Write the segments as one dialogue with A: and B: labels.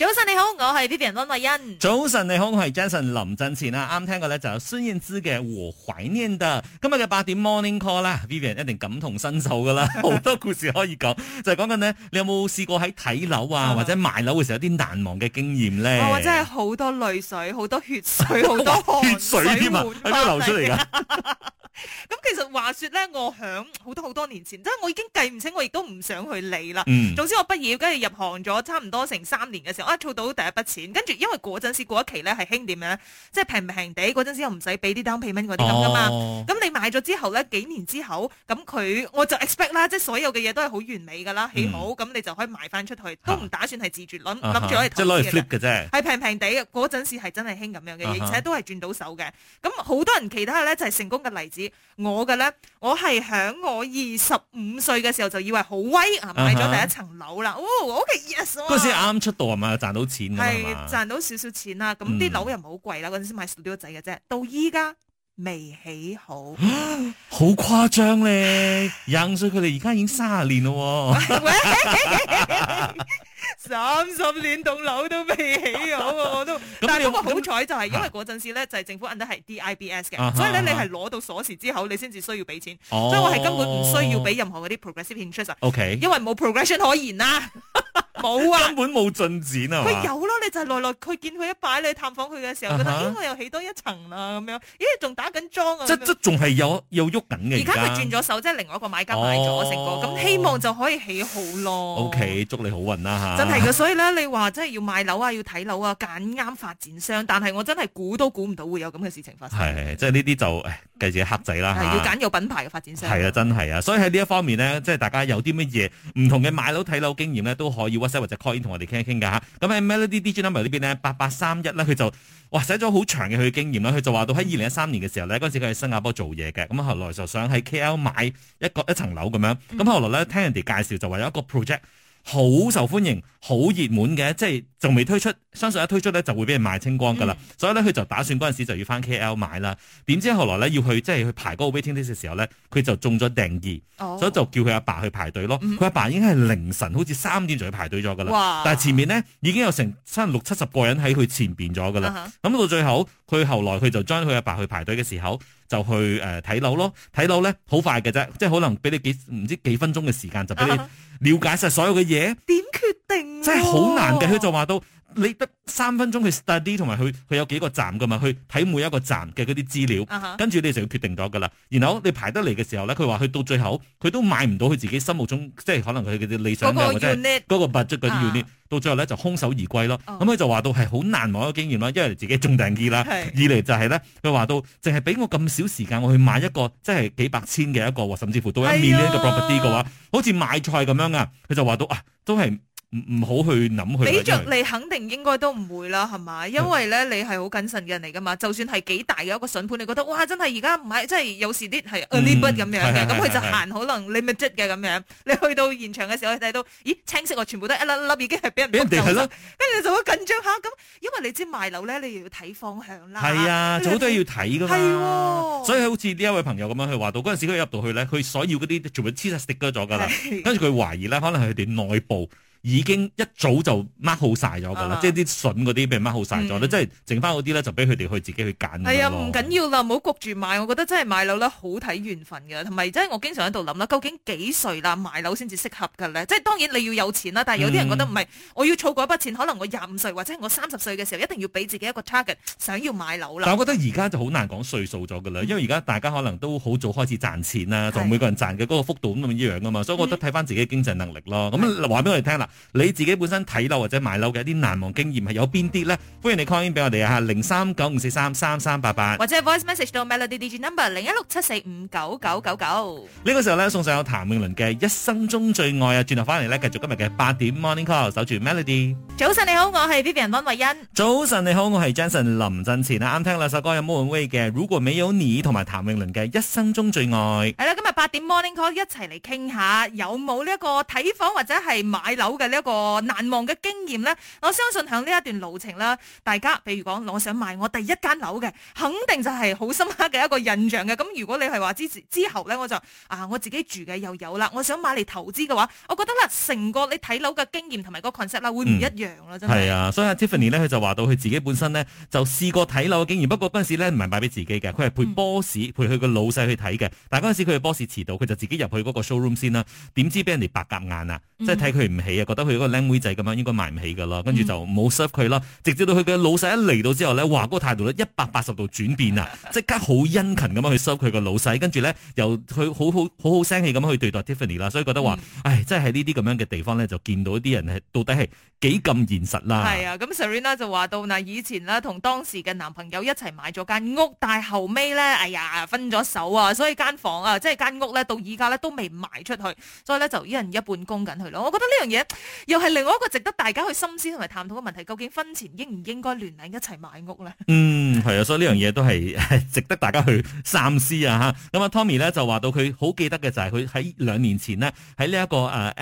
A: 早晨你好，我係 Vivian 溫慧欣。
B: 早晨你好，我係 Jason 林振前啊！啱聽過咧就有孫燕姿嘅我懷念的》。今日嘅八點 Morning Call 啦，Vivian 一定感同身受噶啦，好 多故事可以講。就係講緊呢：你有冇試過喺睇樓啊或者賣樓嘅時候有啲難忘嘅經驗咧？我真係
A: 好多淚水，好多血水，好多血水 血水添啊！喺邊 流出嚟噶？ 咁其實話說咧，我響好多好多年前，即係我已經計唔清，我亦都唔想去理啦。嗯、總之我畢業跟住入行咗，差唔多成三年嘅時候，啊儲到第一筆錢，跟住因為嗰陣時過一期咧係興點樣咧，即係平平地，嗰、就、陣、是、時又唔使俾啲 down payment 嗰啲咁噶嘛。咁、哦、你買咗之後咧，幾年之後，咁佢我就 expect 啦，即係所有嘅嘢都係好完美噶啦，起好，咁、嗯、你就可以賣翻出去，都唔打算係自住，諗諗住攞嚟即係攞嚟 flip 嘅啫，係平平地嗰陣時係真係興咁樣嘅，而且都係轉到手嘅。咁好多人期待咧就係成功嘅例子。我嘅咧，我係響我二十五歲嘅時候就以為好威，買咗第一層樓啦。Uh huh. 哦，OK，yes，、okay，嗰陣時啱啱
B: 出道係咪賺到錢，係賺
A: 到少少錢啦。咁啲樓又唔係好貴啦，嗰陣時買少啲仔嘅啫。到依家。未起好，
B: 好誇張咧！廿五歲佢哋而家已經三十年咯、哦，
A: 三 十 年棟樓都未起好啊！我都， 但係好彩就係因為嗰陣時咧就係政府揞得係 DIBS 嘅、啊， 所以咧你係攞到鎖匙之後，你先至需要俾錢，哦、所以我係根本唔需要俾任何嗰啲 progressive interest，OK，okay. 因為冇 progression 可言啦、啊。
B: 冇啊！根本冇進展啊！佢有
A: 咯，你就係來來去見佢一擺，你探訪佢嘅時候，覺得應該又起多一層啦咁樣，咦仲打緊樁啊！即即仲
B: 係有有喐緊嘅。而家佢轉咗
A: 手，即係另外一個買家買咗成個，咁希望就可以起好咯。OK，
B: 祝你好運啦嚇！真係
A: 嘅，所以咧你話即係要買樓啊，要睇樓啊，揀啱發展商，但係我真係估都估唔到會有咁嘅事情發生。
B: 即係呢啲就誒，繼續黑仔啦。要揀
A: 有品牌嘅發展商。
B: 係啊，真係啊，所以喺呢一方面呢，即係大家有啲乜嘢唔同嘅買樓睇樓經驗呢，都可以。或者 call in 同我哋傾一傾㗎嚇，咁喺 Melody Digital Number 呢邊咧，八八三一咧佢就話寫咗好長嘅佢嘅經驗啦，佢就話到喺二零一三年嘅時候咧，嗰陣時佢喺新加坡做嘢嘅，咁後來就想喺 KL 買一個一層樓咁樣，咁後來咧聽人哋介紹就話有一個 project 好受歡迎、好熱門嘅，即係。仲未推出，相信一推出咧就會俾人賣清光噶啦。嗯、所以咧，佢就打算嗰陣時就要返 KL 買啦。點知後來咧要去即係去排嗰個 waiting list 嘅時候咧，佢就中咗定義，哦、所以就叫佢阿爸，爸去排隊咯。佢阿、嗯、爸，爸已經係凌晨好似三點就去排隊咗噶啦。哇但係前面咧已經有成差六七十個人喺佢前邊咗噶啦。咁、啊、哈到最後，佢後來佢就將佢阿爸去排隊嘅時候就去誒睇、呃、樓咯。睇樓咧好快嘅啫，即係可能俾你幾唔知幾分鐘嘅時間就俾你了解晒所有嘅嘢。點
C: 缺、啊哈？真係好難嘅，佢
B: 就話到你得三分鐘去 study 同埋去，佢有幾個站噶嘛，去睇每一個站嘅嗰啲資料，uh huh. 跟住你就要決定咗噶啦。然後你排得嚟嘅時候咧，佢話佢到最後佢都買唔到佢自己心目中，即係可能佢嘅啲理想嘅或者嗰個物質嘅啲要捏，huh. 到最後咧就空手而歸咯。咁佢、uh huh. 就話到係好難忘一個，冇咗經驗啦。一嚟自己中定機啦，二嚟、uh huh. 就係咧，佢話到淨係俾我咁少時間我去買一個，即係幾百千嘅一個，甚至乎到一 million 呢一個 property 嘅話，uh huh. 好似買菜咁樣啊。佢就話到啊，都係。唔唔好去諗佢。李卓，你
A: 肯定應該都唔會啦，係嘛？因為咧，你係好謹慎嘅人嚟噶嘛。就算係幾大嘅一個筍盤，你覺得哇，真係而家唔係，真係有時啲係 a little 咁樣嘅。咁佢就行，可能你咪 m 嘅咁樣。你去到現場嘅時候，你睇到咦，青色啊，全部都一粒粒已經係俾人搏緊啦。咁你就好緊張下咁因為你知賣樓咧，你又要睇方向啦。係啊，就好多
B: 要睇噶嘛。所以好似呢一位朋友咁樣去話到，嗰陣時佢入到去咧，佢所要嗰啲全部黐實 stick 咗噶啦。跟住佢懷疑咧，可能係佢哋內部。已經一早就 mark 好晒咗噶啦，啊、即係啲筍嗰啲俾人 mark 好晒咗咧，嗯、即係剩翻嗰啲咧就俾佢哋去自己去揀咯。係啊、哎，唔緊
A: 要啦，唔好焗住買，我覺得真係買樓咧好睇緣分噶，同埋真係我經常喺度諗啦，究竟幾歲啦買樓先至適合噶咧？即係當然你要有錢啦，但係有啲人覺得唔係，嗯、我要儲過一筆錢，可能我廿五歲或者我三十歲嘅時候一定要俾自己一個 target，想要買樓啦。但我覺得
B: 而家就好難講歲數咗噶啦，因為而家大家可能都好早開始賺錢啦，同每個人賺嘅嗰個幅度咁樣一樣噶嘛，是所以我覺得睇翻自己經濟能力咯。咁話俾我哋聽啦。是你自己本身睇樓或者買樓嘅一啲難忘經驗係有邊啲咧？歡迎你 call in 俾我哋啊，零三九五四三三三八八，或
A: 者 voice message 到 melody 嘅 number 零一六七四五九九九九。
B: 呢個時候咧，送上有譚詠麟嘅《一生中最愛》啊，轉頭翻嚟咧，繼續今日嘅八點 morning call，守住 melody。
A: 早晨你好，我係 Vivian 温慧欣。
B: 早晨你好，我係 Jason 林振前啊，啱聽兩首歌，有莫文蔚嘅《如果未有你》同埋譚詠麟嘅《一生中最愛》。
A: 係啦，今日八點 morning call，一齊嚟傾下，有冇呢一個睇房或者係買樓？嘅呢一個難忘嘅經驗咧，我相信喺呢一段路程啦，大家譬如講，我想買我第一間樓嘅，肯定就係好深刻嘅一個印象嘅。咁如果你係話之之後咧，我就啊我自己住嘅又有啦，我想買嚟投資嘅話，我覺得啦，成個你睇樓嘅經驗同埋個 concept 啦，會唔一樣囉，真係。嗯、係啊，
B: 所以阿 Tiffany 咧、嗯，佢就話到佢自己本身咧，就試過睇樓嘅經驗，不過嗰陣時咧唔係買俾自己嘅，佢係陪 boss、嗯、陪佢個老細去睇嘅。但係嗰陣時佢嘅 boss 遲到，佢就自己入去嗰個 showroom 先啦。點知俾人哋白鴿眼啊，即係睇佢唔起啊！覺得佢一個靚妹仔咁樣應該買唔起噶啦，跟住就冇 serve 佢啦。直至到佢嘅老細一嚟到之後度度呢，哇，嗰個態度咧一百八十度轉變啊！即刻好殷勤咁樣去 serve 佢個老細，跟住呢，又佢好好好好聲氣咁去對待 Tiffany 啦。所以覺得話，嗯、唉，真係喺呢啲咁樣嘅地方呢，就見到啲人係到底係幾咁現實啦。係
A: 啊，咁 Serena 就話到嗱，以前呢，同當時嘅男朋友一齊買咗間屋，但係後尾呢，哎呀，分咗手啊，所以間房啊，即係間屋呢，到依家呢，都未賣出去，所以呢，就一人一半供緊佢咯。我覺得呢樣嘢。又係另外一個值得大家去深思同埋探討嘅問題，究竟婚前應唔應該聯名一齊買屋咧？嗯，
B: 係啊，所以呢樣嘢都係 值得大家去三思啊！吓，咁啊，Tommy 咧就話到佢好記得嘅就係佢喺兩年前呢，喺呢一個誒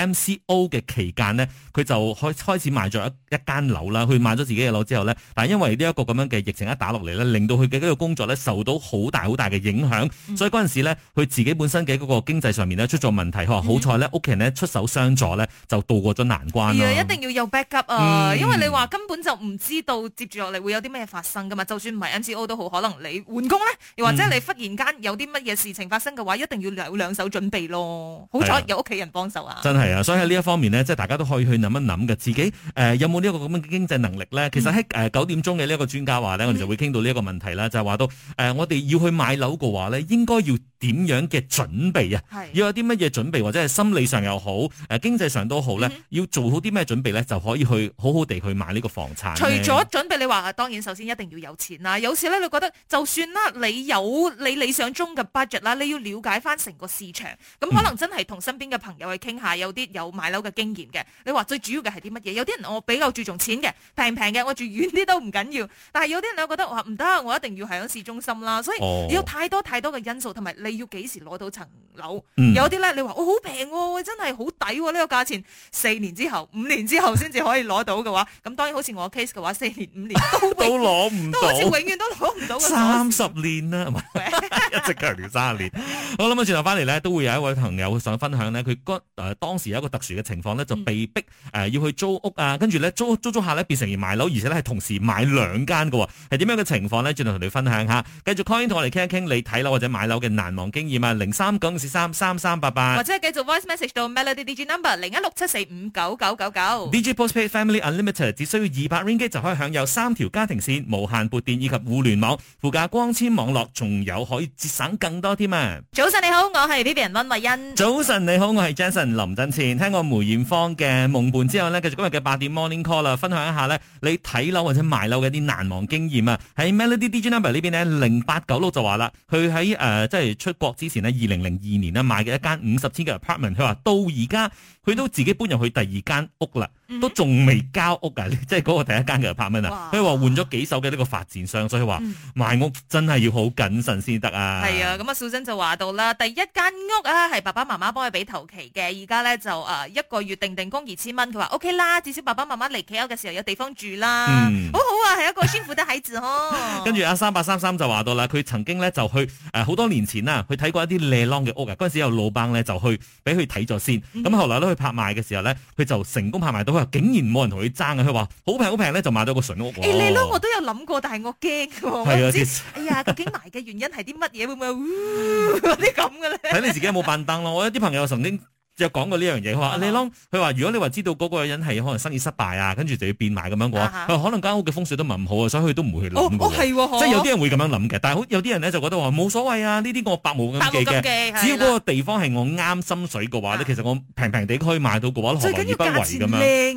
B: MCO 嘅期間呢，佢就開開始賣咗一一間樓啦，去賣咗自己嘅樓之後呢，但係因為呢一個咁樣嘅疫情一打落嚟呢，令到佢嘅個工作咧受到好大好大嘅影響，嗯、所以嗰陣時咧，佢自己本身嘅嗰個經濟上面呢，出咗問題，嗯、好彩呢，屋企人咧出手相助呢，就渡過咗。難關啊！係啊，一
A: 定要有 back up 啊，嗯、因為你話根本就唔知道接住落嚟會有啲咩發生噶嘛。就算唔係 NGO 都好，可能你換工咧，又或者你忽然間有啲乜嘢事情發生嘅話，嗯、一定要有兩手準備咯。好彩有屋企人幫手啊，啊！真
B: 係啊，所以喺呢一方面咧，即係大家都可以去諗一諗嘅。自己誒、呃、有冇呢一個咁嘅經濟能力咧？其實喺誒九點鐘嘅呢一個專家話咧，嗯、我哋就會傾到呢一個問題啦，就係、是、話到誒、呃，我哋要去買樓嘅話咧，應該要。點樣嘅準備啊？要有啲乜嘢準備，或者係心理上又好，誒、啊、經濟上都好咧，要做好啲咩準備呢？就可以去好好地去買呢個房產。除咗
A: 準備，你話當然首先一定要有錢啦。有時呢，你覺得就算啦，你有你理想中嘅 budget 啦，你要了解翻成個市場。咁可能真係同身邊嘅朋友去傾下，有啲有買樓嘅經驗嘅。你話最主要嘅係啲乜嘢？有啲人我比較注重錢嘅，平平嘅，我住遠啲都唔緊要。但係有啲人又覺得我唔得，我一定要係喺市中心啦。所以有太多太多嘅因素同埋。你要幾時攞到層樓？嗯、有啲咧，你話我好平，真係好抵呢個價錢。四年之後，五年之後先至可以攞到嘅話，咁當然好似我嘅 case 嘅話，四年、五年都都攞唔到，都永遠
B: 都攞唔到，都好似永
A: 遠都攞唔到。三十年啦，係咪？
B: 一直求了三年，好啦，咁啊，轉頭翻嚟咧，都會有一位朋友想分享呢。佢嗰誒當時有一個特殊嘅情況咧，就被逼誒要去租屋啊，跟住咧租租租客咧，變成而買樓，而且咧係同時買兩間嘅，係點樣嘅情況咧？轉頭同你分享下。繼續 Coin 同我哋傾一傾你睇樓或者買樓嘅難忘經驗啊，零三九四三三三八八，或
A: 者係繼續 Voice Message 到 Melody D J Number 零一六七四五九九九九
B: ，Digi Postpaid Family Unlimited 只需要二百 Ringgit 就可以享有三條家庭線、無限撥電以及互聯網、附加光纖網絡，仲有可以。節省更多添啊！
A: 早晨你好，我係呢邊温慧欣。
B: 早晨你好，我係 Jason 林振前。聽過梅艷芳嘅《夢伴》之後呢，繼續今日嘅八點 Morning Call 啦，分享一下呢，你睇樓或者賣樓嘅一啲難忘經驗啊！喺 Melody DJ Number 呢邊呢，零八九六就話啦，佢喺誒即係出國之前呢，二零零二年呢，買嘅一間五十千嘅 apartment，佢話到而家佢都自己搬入去第二間屋啦。都仲未交屋啊！即係嗰個第一間嘅拍咩啊？佢話換咗幾手嘅呢個發展商，所以話賣屋真係要好謹慎先得啊！係啊！
A: 咁阿小珍就話到啦，第一間屋啊係爸爸媽媽幫佢俾頭期嘅，而家咧就誒一個月定定工二千蚊，佢話 O K 啦，至少爸爸媽媽嚟企屋嘅時候有地方住啦，好、嗯、好啊，係一個先富得喺字嗬。
B: 跟住阿三八三三就話到啦，佢曾經咧就去誒好、呃、多年前啦，去睇過一啲靚 long 嘅屋啊，嗰陣時有老闆咧就去俾佢睇咗先，咁、嗯、後來咧去拍賣嘅時候咧，佢就成功拍賣到。竟然冇人同佢爭啊！佢話好平好平咧，就買咗個純屋。誒、欸，你咯，我
A: 都有諗過，但係我驚。係啊的，知。 哎呀，究竟埋嘅原因係啲乜嘢？會唔會啲
B: 咁嘅咧？睇 你自己有冇扮燈咯。我有啲朋友曾經，就講過呢樣嘢，佢話阿李佢話如果你話知道嗰個人係可能生意失敗啊，跟住就要變賣咁樣嘅話，佢話可能間屋嘅風水都唔好啊，所以佢都唔會去諗。即係有啲人會咁樣諗嘅，但係有啲人咧就覺得話冇所謂啊，呢啲我百無禁忌嘅，只要嗰個地方係我啱心水嘅話咧，其實我平平地可以買到嘅話，何樂而不為咁樣？最緊要價錢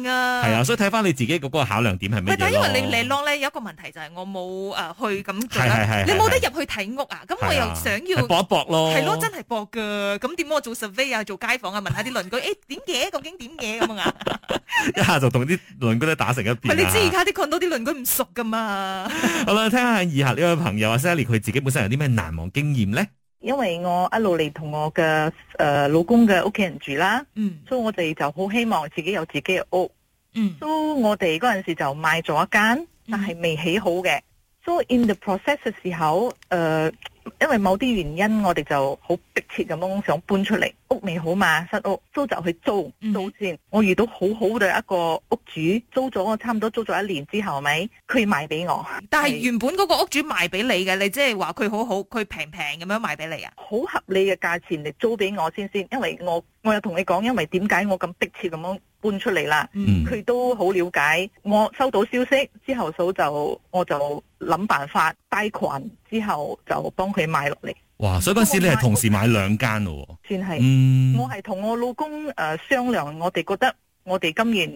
B: 靚啊！係啊，所以睇翻你自己嗰個考量點係乜嘢？但因為你你
A: 朗有一個問題，就係我冇誒去咁做，你冇得入去睇屋啊，咁我又想要搏一搏咯，係咯，真係搏㗎，咁點我做 survey 啊，做街坊啊下啲鄰
B: 居，誒點嘢究竟點嘢？咁樣啊？ 一下就同啲鄰居都打成一片。 你知而家
C: 啲群多啲鄰居唔熟噶嘛？
B: 好啦，聽，聽下以下呢位朋友阿 Sally 佢自己本身有啲咩難忘經驗咧？
C: 因為我一路嚟同我嘅誒、呃、老公嘅屋企人住啦，嗯，所以我哋就好希望自己有自己嘅屋，嗯。所以我哋嗰陣時就買咗一間，但係未起好嘅。So in the process 嘅時候，誒，因為某啲原因，我哋就好迫切咁樣想搬出嚟。未好嘛，失屋租就去租，到、嗯、先。我遇到好好嘅一個屋主租咗我，差唔多租咗一年之後，係咪？佢賣俾我，但係原
A: 本嗰個屋主賣俾你嘅，是你即係話佢好好，佢
C: 平平咁樣賣俾你啊？好合理嘅價錢嚟租俾我先先，因為我我有同你講，因為點解我咁迫切咁樣搬出嚟啦？佢、嗯、都好了解，我收到消息之後，所以就我就諗辦法帶群，之後就幫佢賣落嚟。
B: 哇！所以當時你係同時買兩間咯，
C: 先係，嗯，我係同我老公誒、呃、商量，我哋覺得我哋今年，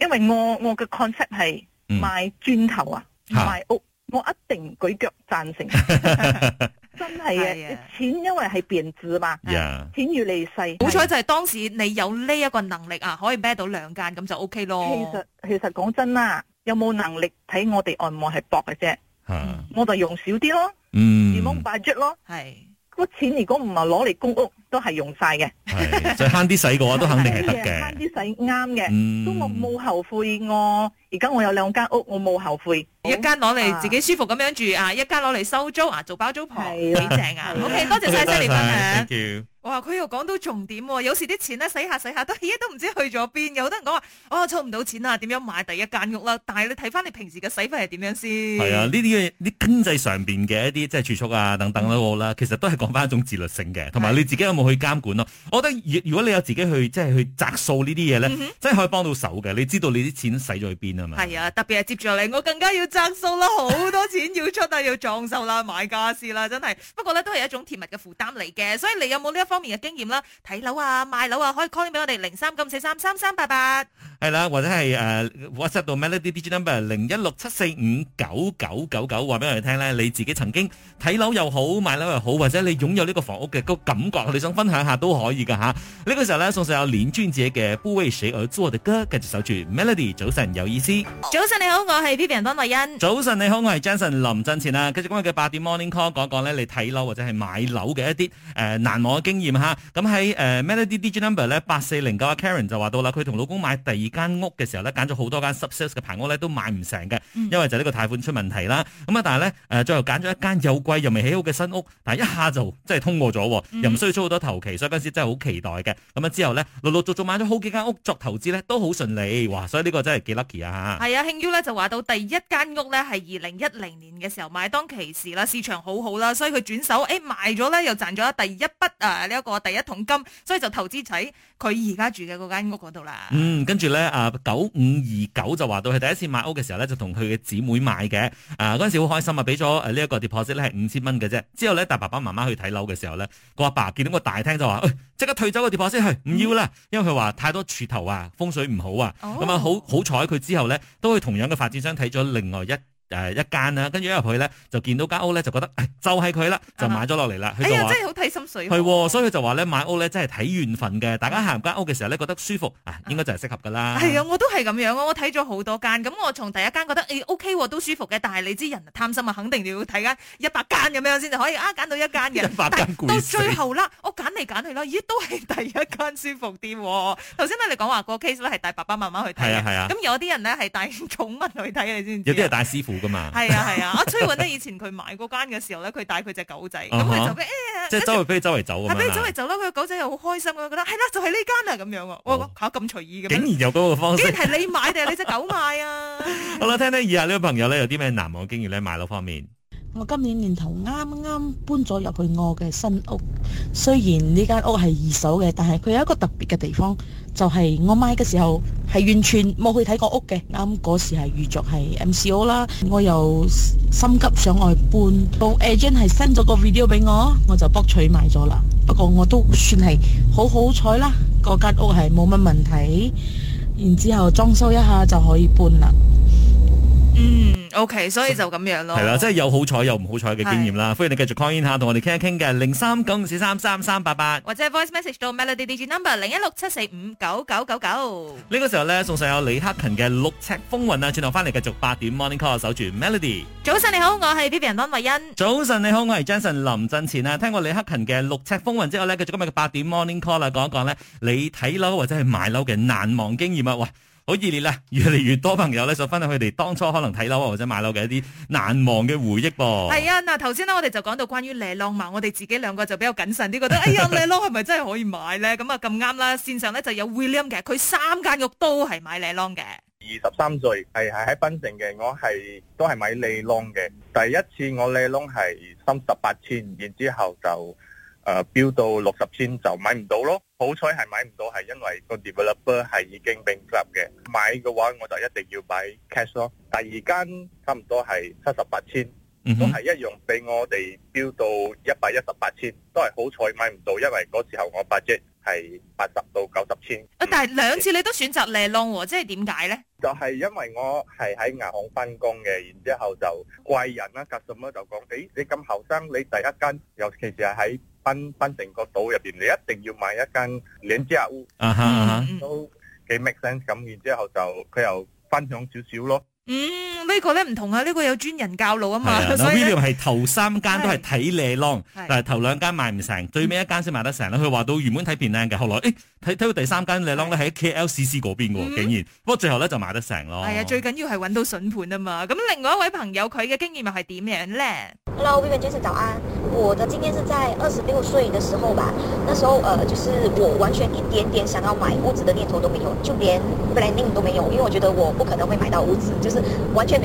C: 因為我我嘅 concept 係買磚頭啊，買、嗯、屋，我一定舉腳贊成， 真係嘅，Yeah. 錢因為係貶值嘛，Yeah. 錢越嚟越細，好彩就係當時你
A: 有呢一個能力啊，可以孭到兩間咁就 OK 咯。其實其實講真啦，有冇
C: 能力睇我哋外望係薄嘅啫， 我就用少啲咯。嗯，住屋辦住咯，係個錢如果唔係攞嚟供屋，都係用晒嘅，係再
B: 慳啲使嘅話，都肯定係得嘅，慳啲
C: 使啱嘅，都冇後悔我，而家我有兩間屋，我冇後悔，一間攞嚟自
A: 己舒服咁樣住啊，一間攞嚟收租啊，做包租婆，係幾正啊，OK，多謝
B: 晒，thank you。
A: 我話佢又講到重點喎、哦，有時啲錢咧使下使下都而家都唔知去咗邊嘅，有啲人講話，哦湊唔到錢啦，點樣買第一間屋啦？但係你睇翻你平時嘅使費係點樣先？係啊，
B: 呢啲嘅啲經濟上邊嘅一啲即係儲蓄啊等等都好啦，嗯、其實都係講翻一種自律性嘅，同埋你自己有冇去監管咯？是我覺得，如果你有自己去即係去摘數呢啲嘢咧，嗯、哼真係可以幫到手嘅。你知道你啲錢使咗去邊啊嘛？
A: 係啊，特別係接住嚟，我更加要摘數啦，好多錢要出啦， 要裝修啦，買傢俬啦，真係。不過咧，都係一種甜蜜嘅負擔嚟嘅，所以你有冇呢一方方面嘅經驗啦，睇樓啊、賣樓啊，可以 call 俾我哋零三九四三三三八八，
B: 係啦，或者係誒 WhatsApp 到 Melody d p number 零一六七四五九九九九，話俾我哋聽咧，你自己曾經睇樓又好，買樓又好，或者你擁有呢個房屋嘅個感覺，你想分享下都可以㗎吓。呢個時候咧，送上有林俊傑嘅《不為誰而作》的歌，繼續守住 Melody 早晨有意思。
A: 早晨你好，我係 PBB 潘慧欣。
B: 早晨你好，我係 Jensen 林振前啊。繼續今日嘅八點 Morning Call 講講咧，你睇樓或者係買樓嘅一啲誒難忘嘅經驗。嚇咁喺誒、啊呃、Melody Digi Number 咧八四零九阿 Karen 就話到啦，佢同老公買第二間屋嘅時候咧，揀咗好多間 sub-sale 嘅排屋咧，都買唔成嘅，嗯、因為就呢個貸款出問題啦。咁啊，但係咧誒，最後揀咗一間又貴又未起好嘅新屋，但係一下就即係通過咗，又唔需要出好多頭期，所以嗰時真係好期待嘅。咁、嗯、啊、嗯、之後咧，陸陸續續買咗好幾間屋作投資咧，都好順利，哇！所以呢個真係幾 lucky 啊嚇。
A: 係啊，慶 U 咧就話到第一間屋咧係二零一零年嘅時候買，當其時啦，市場好好啦，所以佢轉手誒賣咗咧又賺咗第一筆啊！一個第一桶金，所以就投資喺佢而家住嘅嗰間屋嗰度啦。
B: 嗯，跟住咧，啊九五二九就話到佢第一次買屋嘅時候咧，就同佢嘅姊妹買嘅。啊，嗰陣時好開心啊，俾咗誒呢一個 deposit 咧係五千蚊嘅啫。之後咧，帶爸爸媽媽去睇樓嘅時候咧，個阿爸見到個大廳就話：，即、欸、刻退走個跌破息，係唔要啦，嗯、因為佢話太多柱頭啊，風水唔好啊。咁啊、哦，好好彩佢之後咧，都去同樣嘅發展商睇咗另外一。誒、呃，一間啦，跟住一入去咧，就見到間屋咧，就覺得誒，就係佢啦，就買咗落嚟啦。哎呀，真係好
A: 睇心水。係、
B: 哦，所以就話咧買屋咧，真係睇緣分嘅。大家行間屋嘅時候咧，覺得舒服啊，應該就係適合噶啦。係啊、哎，
A: 我都係咁樣啊。我睇咗好多間，咁我從第一間覺得誒、哎、，OK，都舒服嘅。但係你知人貪心啊，肯定要睇間一百間咁樣先至可以啊，揀到一間嘅。一百間，到最後啦，我揀嚟揀去啦，咦、啊，都係第一間舒服啲。頭先咧你講話個 case 咧係帶爸爸媽媽去睇嘅。啊係啊。咁、哎哎哎、有啲人咧係帶寵物去睇啊，你知唔知？有啲係
B: 帶師傅。噶嘛，係啊係啊，我崔云咧以
A: 前佢買嗰間嘅時候咧，佢帶佢隻狗仔，咁佢就嘅即係周
B: 圍飛周圍走咁，周圍
A: 走咯，佢個狗仔又好開心，覺得係啦，就係呢間啦咁樣，我吓咁隨意嘅，竟然
B: 有嗰個方式，竟
A: 然係你買定係你隻狗買啊？好啦，
B: 聽聽以下呢個朋友咧有啲咩難忘經驗咧，買樓方面，
A: 我今年年頭啱啱搬咗入去我嘅新屋，雖然呢間屋係二手嘅，但係佢有一個特別嘅地方。就係我買嘅時候係完全冇去睇過屋嘅，啱嗰時係預着係 MCO 啦，我又心急想去搬，部 agent 係 send 咗個 video 俾我，我就 book 取買咗啦。不過我都算係好好彩啦，嗰間屋係冇乜問題，然之後裝修一下就可以搬啦。嗯，OK，所以就咁樣咯，係、嗯、啦，即係
B: 有好彩又唔好彩嘅經驗啦。歡迎你繼續 call in 吓，同我哋傾一傾嘅零三九五四三三三八八，
A: 或者 voice message 到 Melody 的 number 零一六七四五九九九九。
B: 呢個時候咧，送上有李克勤嘅《六尺風雲》啊，轉頭翻嚟繼續八點 morning call，守住 Melody。
A: 早晨你好，我係 Vivian 温慧欣。
B: 早晨你好，我係 Jason 林振前啊。聽過李克勤嘅《六尺風雲》之後咧，繼續今日嘅八點 morning call 啊，講一講咧，你睇樓或者係買樓嘅難忘經驗啊，哇！好熱烈啦，越嚟越多朋友咧，想分享佢哋當初可能睇樓或者買樓嘅一啲難忘嘅回憶噃。係
A: 啊，嗱，頭先咧我哋就講到關於利朗嘛，我哋自己兩個就比較謹慎啲，覺得哎呀，利朗係咪真係可以買咧？咁啊咁啱啦，線上咧就有 William 嘅，佢三間屋都係買利朗嘅。
B: 二十三歲，係，係喺檳城嘅，我係都係買利朗嘅。第一次我利朗係三十八千，然之後就誒、呃，飆到六十千就買唔到咯。好彩係買唔到，係因為個 developer 係已經併入嘅。買嘅話我就一定要買 cash 咯。第二間差唔多係七十八千，都係一樣俾我哋標到一百一十八千，都係好彩買唔到，因為嗰時候我 budget 係八十到九十千。
A: 啊！但係兩次你都選擇利浪，即係點解咧？就係因為我係喺銀行
B: 翻工嘅，然之後就貴人啦、啊、吉什啦，就講：誒，你咁後生，你第一間，尤其是係喺。分分成個島，入邊你一定要買一間兩隻屋，都幾 make sense 咁，然之後就佢又分享少少咯。
A: 呢個咧唔同啊，呢、這個有專人教路啊嘛。啊 William
B: 係頭三間都係睇 Lelong，但係頭兩間賣唔成，嗯、最尾一間先賣得成啦。佢話、嗯、到原本睇變靚嘅，後來誒睇睇到第三間 Lelong 咧喺 KLCC 嗰邊嘅，竟然。不過、嗯、最後咧就賣得成咯。係啊、哎，
A: 最緊要係搵到筍盤啊嘛。咁另外一位朋友佢嘅經驗又係點樣咧？Hello William 早安，我的經驗是在二十六歲嘅時候吧，那時候誒、呃、就是我完全一點點想要買屋子嘅念頭都沒有，就連未來諗都沒有，因為我覺得我不可能會買到屋子，就是完全。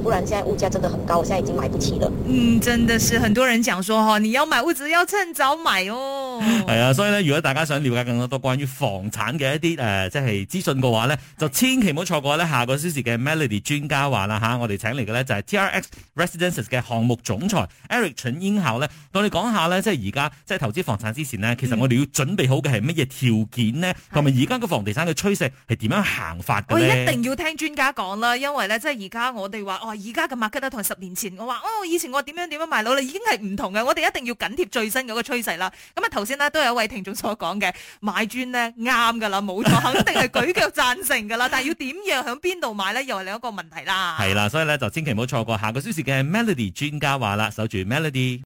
A: 不然現在物價真的很高，我現在已經買不起了。嗯，真的是很多人講說，哈，你要買物資要趁早買哦。
B: 係、哦、啊，所以咧，如果大家想了解更多多關於房產嘅一啲誒、呃，即係資訊嘅話咧，就千祈唔好錯過咧。下個小時嘅 Melody 專家話啦吓，我哋請嚟嘅咧就係 TRX Residences 嘅項目總裁 Eric 陳英孝咧，同你講下咧，即係而家即係投資房產之前呢，其實我哋要準備好嘅係乜嘢條件呢？同埋而家嘅房地產嘅趨勢係點樣行法嘅咧？我一定
A: 要聽專家講啦，因為咧，即係而家我哋話哦，而家嘅 m a 咁 market 同十年前，我話哦，以前我點樣點樣賣樓咧，已經係唔同嘅。我哋一定要緊貼最新嗰個趨勢啦。咁啊，頭。都係有位聽眾所講嘅買磚咧，啱噶啦，冇錯，肯定係舉腳贊成噶啦。 但係要點樣響邊度買咧，又係另一個問題啦。
B: 係啦、啊，所以咧就千祈唔好錯過下個小時嘅 Melody 專家話啦，守住 Melody。